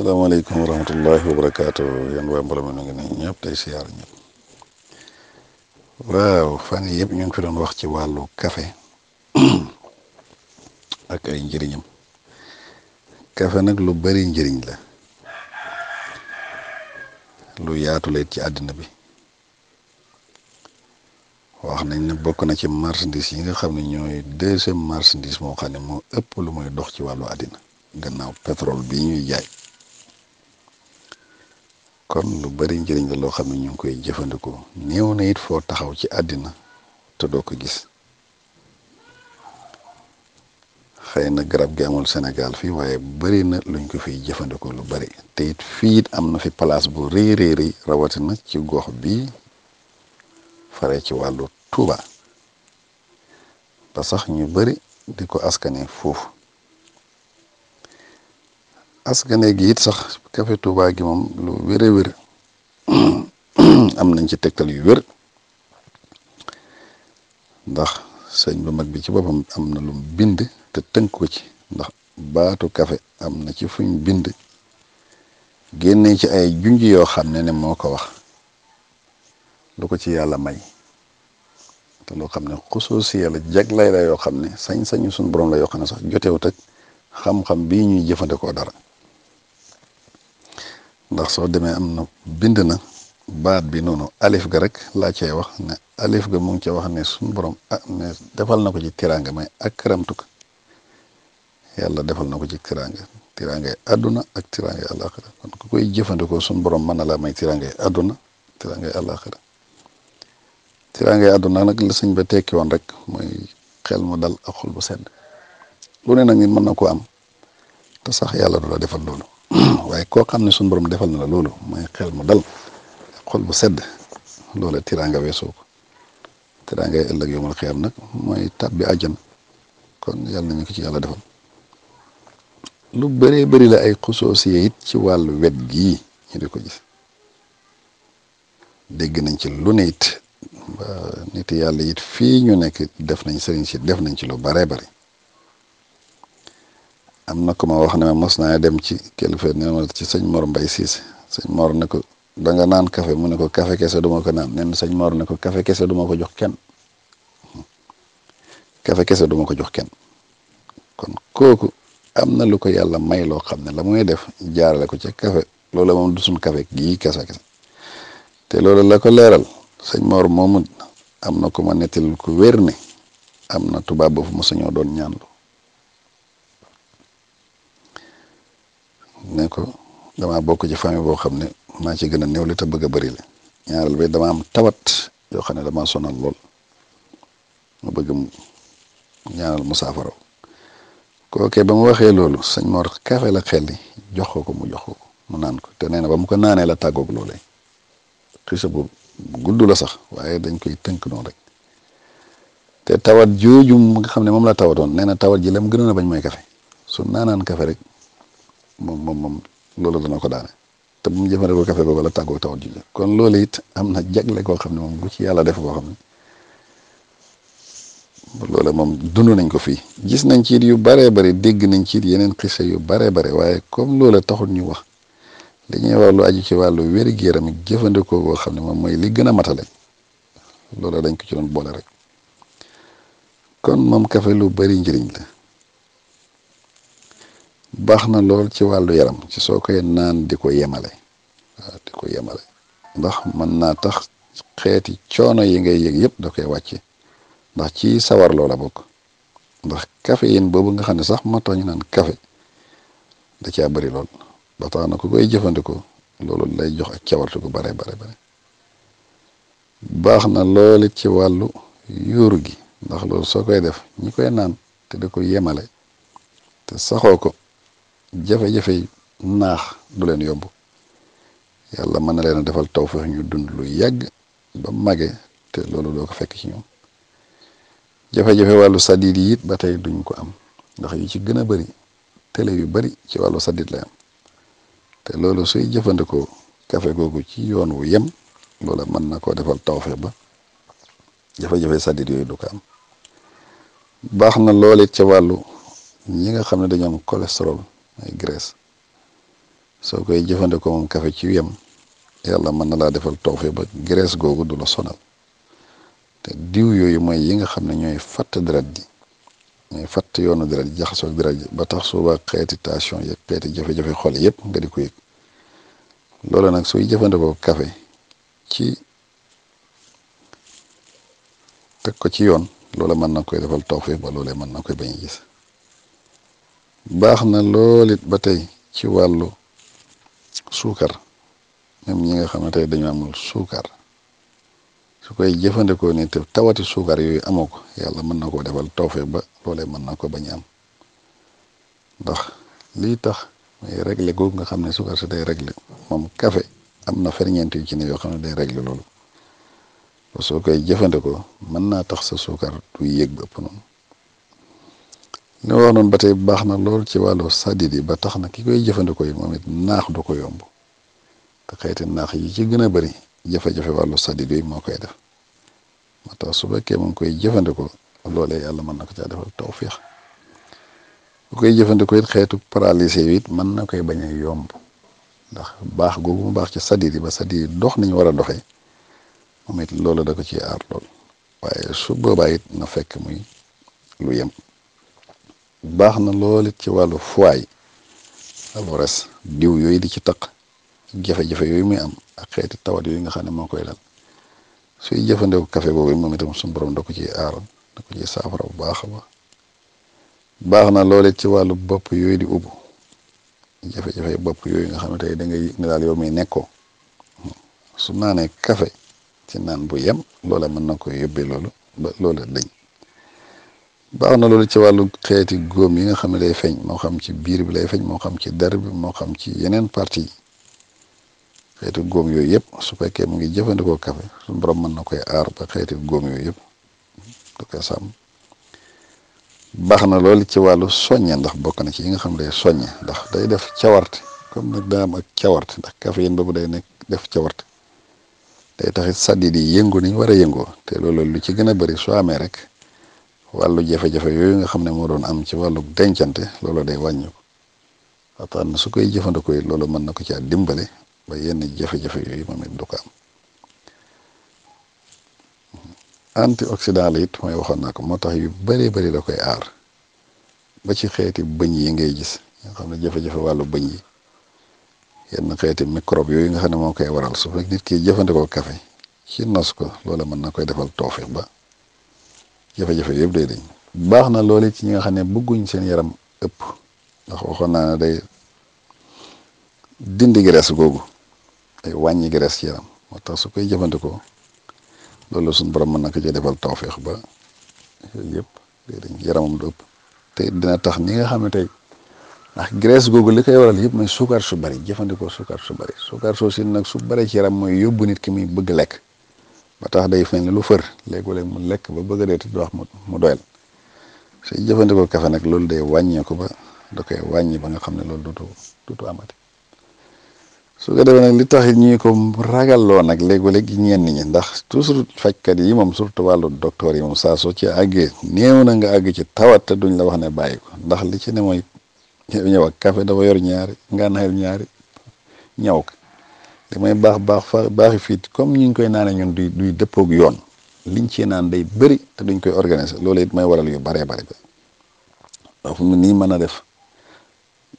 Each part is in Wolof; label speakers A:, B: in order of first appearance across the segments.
A: Assalamualaikum warahmatullahi wabarakatuh. wa barakaatu yéen waa ngi nii tay siar siyaar waaw fan yii ñu ngi fi doon wax ci walu café ak ay njëriñam café nak lu bari njëriñ la lu yaatu lay ci aduna bi wax nañ ne bokk na ci marchandise yi nga xam ne ñooy deuxième marchandise moo xam ne moo ëpp lu muy dox ci wàllu àddina gannaaw pétrole bi ñuy jaay. kon lu bari njëriñ la loo xam ne ñu ngi koy jëfandikoo néew na it foo taxaw ci àddina te doo ko gis xëy na garab gi senegal Sénégal fii waaye bari na luñ ko fi jëfandikoo lu bari te it fii it am na fi place bu rëy rëy rëy rawatina ci gox bi fare ci wàllu Touba ba sax ñu bari di ko askane foofu. askane gi yit sax café Touba gi moom lu wér a am nañ ci tegtal yu wér ndax sëñ bu mag bi ci boppam am na lum bind te tënk ko ci ndax baatu kafe am na ci fuñ bind génne ci ay junj yoo xam ne ne moo ko wax lu ko ci yàlla may te loo xam ne xusuusi yàlla jag la yoo xam ne sañ-sañu suñ borom la yoo xam ne sax jotewut ak xam-xam bii ñuy jëfandikoo dara ndax soo demee am na bind na baat bi noonu alif ga rek laa cay wax ne alif ga mu ngi ca wax ne suñu borom ah ne defal na ko ci tiraanga may ak karamtuk yàlla defal na ko ci tiraanga tiraangay àdduna ak tiraangay alaxira kon ku koy jëfandikoo suñu borom mën na laa may tiraangay àdduna tiraangay alaxira tiraangay àdduna nag la sëñ ba tekki woon rek mooy xel mu dal ak xol bu sedd lu ne nag mën na ko am te sax yàlla du la defal loolu waaye koo xam ne suñu borom defal na la loolu mooy xel mu dal xol bu sedd loola tiraanga weesoo ko tiraanga yi ëllëg yomul xeer nag mooy tàbbi àjjana kon yàlla nañu ko ci yàlla defal lu bëree bëri la ay xusoosiye it ci wàllu wet gi ñu di ko gis dégg nañ ci lu ne it nit yàlla yit fii ñu nekk def nañ sëriñ si def nañ ci lu baree bari am na ko ma wax ne ma mos naa dem ci kilifa ne ma ci sëñ Mor Mbay siis sëñ Mor ne ko danga naan kafe mu ne ko kafe kese duma ko naan nen sëñ Mor ne ko kafe kese ko jox ken kafe duma ko jox kenn kon kooku am na lu ko yàlla may loo xam ne la mu muy def jaarale ko ca kafe loola moom du suñ kafe gii kese kese te loolu la ko leeral sëñ Mor moomu am na ko ma nettil ku wér ne am na tubaab boobu mu sañoo doon ñaanlu ne ko damaa bokk ci famille boo xam ne maa ci gën a néew li te bëgg a bëri la ñaareel bi dama am tawat yoo xam ne damaa sonal lool mu bëgg ñaanal mu saafara kooke ba mu waxee loolu sëñ Mor kafe la xel jox ko ko mu jox ko mu naan ko te nee na ba mu ko naanee la tàggoog loolee xisa bu gudd la sax waaye dañ koy tënk noonu rek te tawat jooju nga xam ne moom la tawatoon nee na tawat ji mu gënoon a bañ mooy kafe su naanaan kafe rek moom moom moom loolu dana ko daane te bu mu jëfandikoo café boobu la tàggoo taw ji kon loolu it am na jagle koo xam ne moom bu ci yàlla def koo xam ne moom dund nañ ko fii gis nañ ci yu baree bari dégg nañ ci yeneen xisa yu baree bari waaye comme loola taxul ñu wax dañuy wax lu aju ci wàllu wér-gu-yaram jëfandikoo koo xam ne moom mooy li gën a matale loola dañ ko ci boole rek kon moom café lu bari njëriñ la. baax na lool ci wàllu yaram ci soo koy naan di ko yemale waaw di ko yemale ndax mën naa tax xeeti coono yi ngay yëg yëpp da koy wàcce ndax ci sawar loola bokk ndax caféine boobu nga xam ne sax moo tax ñu naan café da caa bëri lool ba tax na ku koy jëfandikoo loolu lay jox ak cawarte gu bare bare bare baax na lool ci wàllu yuur gi ndax loolu soo koy def ñi koy naan te da ko yemale te saxoo ko jafe-jafe naax du leen yomb yàlla mën na leen a defal tawfeex ñu dund lu yàgg ba mage te loolu doo ko fekk ci ñoom jafe-jafe wàllu sadid yit ba tey duñ ko am ndax yu ci gën a bari télé yu bari ci wàllu sadid lay am te loolu suy jëfandikoo kafe googu ci yoon wu yem loola mën na koo defal tawfeex ba jafe-jafe sadid yooyu du ko am baax na lool it ca wàllu ñi nga xam ne dañoom am ay graisse soo koy jëfandikoo moom café ci yem yàlla mën na laa defal tawfeex ba graisse googu du la sonal te diw yooyu mooy yi nga xam ne ñooy fatt deret ji ñooy fatt yoonu yoon ji jaxasoo ak deret ji ba tax suba xeeti tension yeeg xeeti jafe-jafe xol yëpp nga di ko yëg loolu nag sooy jëfandikoo café ci teg ko ci yoon loola man na koy defal tawfeex ba loolee mën na koy bañ a gis baax na loolit ba tey ci wàllu suukar même ñi nga xam ne tey dañu amul suukar su koy jëfandikoo ni tawati suukar yooyu amoo ko yàlla mën na koo defal tawfeex ba loolee mën na ko bañ am ndax lii tax muy réglé googu nga xam ne suukar si day réglé moom kafe am na ferñeent yu ci ne yoo xam ne day réglé lool soo koy jëfandikoo mën naa tax sa suukar du yéeg ba ëpp noonu ne wax noonu ba tey baax na lool ci wàllu sadid yi ba tax na ki koy jëfandikoo yi moom it naax du ko yomb te xeeti naax yi ci gën a bëri jafe-jafe wàllu sadid yi moo koy def moo tax su fekkee mu ngi koy jëfandikoo loolee yàlla mën na ko caa defal tawfiix bu koy jëfandikoo it xeetu paralysé mën na koy bañ a yomb ndax baax googu mu baax ci sadid yi ba sadid dox nañu war a doxee moom it loolu da ko ci aar lool waaye su boobaa it na fekk muy lu baax na lool it ci wàllu foie alwares diw yooyu di ci taq jafe-jafe yooyu muy am ak xeeti tawat yooyu nga xam ne moo koy dal suy jëfandikoo café boobu moom itam suñu borom da ko ciy aar da ko ciy saafara bu baax a baax baax na lool ci wàllu bopp yooyu di ubu jafe-jafe bopp yooyu nga xam ne tey da ngay yëg ne daal yow muy nekkoo su naanee café ci naan bu yem loola mën na koy yóbbee loolu loola dañ. baax na lool ci wàllu xeeti góom yi nga xam ne day feeñ moo xam ci biir bi lay feeñ moo xam ci der bi moo xam ci yeneen parti yi xeeti góom yooyu yëpp su fekkee mu ngi jëfandikoo kafe suñu borom mën na koy aar ba xeeti góom yooyu yëpp da koy baax na loolu ci wàllu soññe ndax bokk na ci yi nga xam ne day soññe ndax day def cawart comme nag daa am ak cawarte ndax caféine boobu day nekk def cawarte day taxit sàddi di yëngu ni ñu war a yëngoo te loolu lu ci gën a bëri soo amee rek wàllu jafe-jafe yooyu nga xam ne moo doon am ci wàllu dencante loolu day wàññi ko waxtaan na su koy jëfandikoo it loolu mën na ko caa dimbale ba yenn jafe-jafe yooyu moom it du ko am antioxydant la it mooy waxoon naa ko moo tax yu bëree bëri da koy aar ba ci xeeti bëñ yi ngay gis nga xam ne jafe-jafe wàllu bëñ yi yenn xeeti microbe yooyu nga xam ne moo koy waral su fekk nit ki jëfandikoo café ci nos ko loola mën na koy defal toofe ba jafe-jafe yëpp day dañ baax na loole ci ñi nga xam ne bëgguñ seen yaram ëpp ndax waxoon naa ne day dindi graisse googu ay wàññi graisse ci yaram moo tax su koy jëfandikoo loolu suñu borom mën na ko ci defal tawféex ba yëpp day dañ yaramam du ëpp te dina tax ñi nga xam ne tey ndax graisse googu li koy waral yëpp mooy suukar su bari jëfandikoo suukar su bari suukar soo si nag su bari ci yaram mooy yóbbu nit ki muy bëgg lekk ba tax day feeñ lu fër léeg-léeg mu lekk ba bëgg a dee tuuti wax mu mu doyal su jëfandikoo kafe nag loolu day wàññeeku ba da koy wàññi ba nga xam ne lool duutu duutu amati su ko defee nag li tax ñuy ko ragalloo nag léeg-léeg ñenn ñi ndax toujours fajkat yi moom surtout wàllu docteur yi moom saa soo ci àggee néew na nga àgg ci tawat te duñ la wax ne bàyyi ko ndax li ci ne mooy ñëw ak kafe dafa yor ñaari nga naayal ñaari ñaw ko damay bax bax baax fa baaxi fiit comme ñing koy naane ñun duy duy dëppoog yoon liñ ci naan day bëri te duñ koy organiser lolé it may waral yu bare bare ba fu mu ni mëna def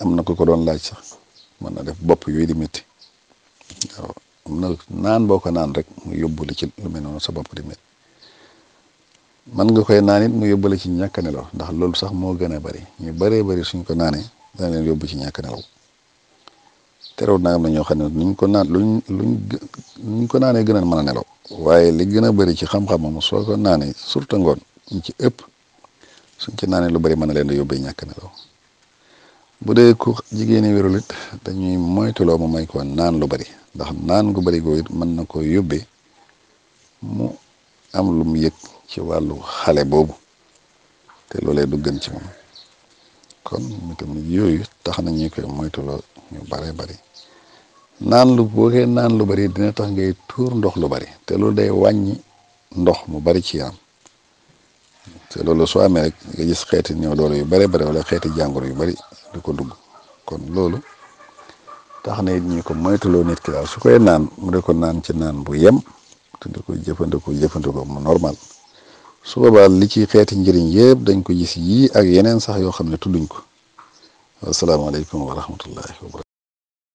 A: amna ko ko doon laaj sax mëna def bop yu di metti amna am na naan boo naan rek mu yobbu la ci lu mel noonu sa bop di metti man nga koy naan it mu yobbu la ci ñàkk nelaw ndax loolu sax mo gëna bari ñu bëree bari suñ ko naanee dana leen yobbu ci ñàkk nelaw terew naa am na ñoo xam ne nuñ ko naan luñ luñ luñ ko naanee gën a mën a nelaw waaye li gën a bëri ci xam-xamam soo ko naanee surtout ngoon ñu ci ëpp suñ ci naanee lu bëri mën na leen di yóbbee ñàkk nelaw bu dee ku jigéen ñi wérul it dañuy moytuloo mu may ko naan lu bëri ndax naan gu bari googu it mën na ko yóbbee mu am lu mu ci wàllu xale boobu te loolee du ci moom kon itam yooyu tax na ñuy koy moytuloo ñu bare bari naan lu boo koy naan lu bari dina tax ngay tuur ndox lu bari te loolu day wàññi ndox mu bari ci am te loolu soo amee rek nga gis xeeti néew doole yu bari bari wala jàngoro yu bari du dugg kon loolu tax na it ñu ko moytuloo nit ki daal su koy naan mu de ko naan ci naan bu yem te di ko jëfandikoo jëfandikoo mu normal su boobaa li ci xeeti njëriñ yëpp dañ ko gis yii ak yeneen sax yoo xam ne tudduñ ko wasalaamaaleykum wa rahmatullahi wa